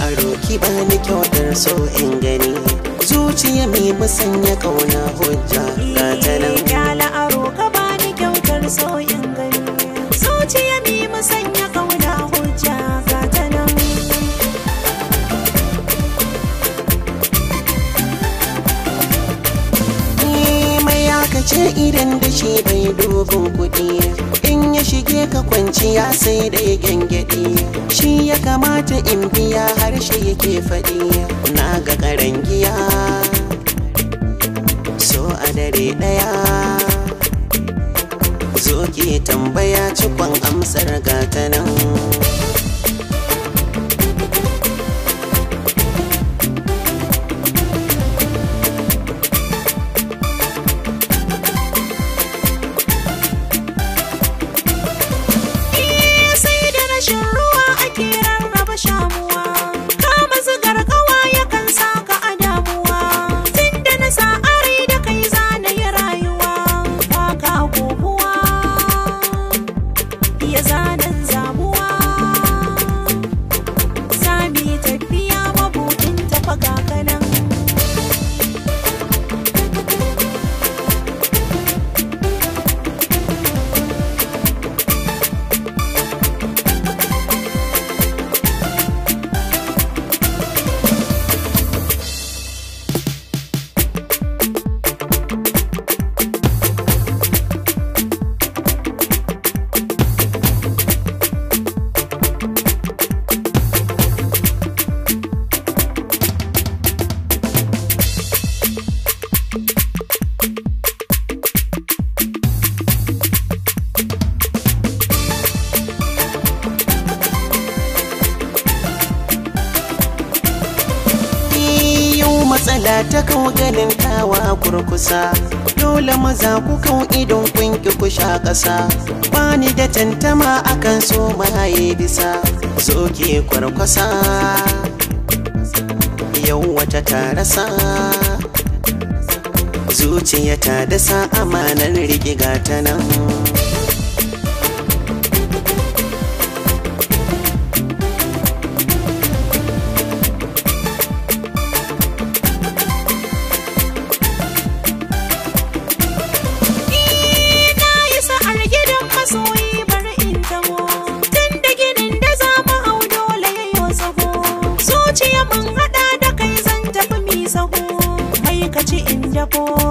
aro ki bani kyautar so in gani zuciya mai musanya kauna hujja ga tana kyala aro ka bani kyautar so in gani zuciya mai musanya kauna hujja ga tana ni mai aka ce idan da shi bai dogon kuɗi zuciya sai da ya gyangyaɗi shi ya kamata in biya harshe yake faɗi na ga ƙarangiya so a dare ɗaya zo ke tambaya cikon amsar gata nan matsala ta kan ganin kawa kurkusa dole maza ku kan idon kun ku sha ƙasa bani da tantama akan so maye bisa so kwarkwasa yau wata tarasa zuciya ta dasa amanar rigiga ta nan sahu mai kaci in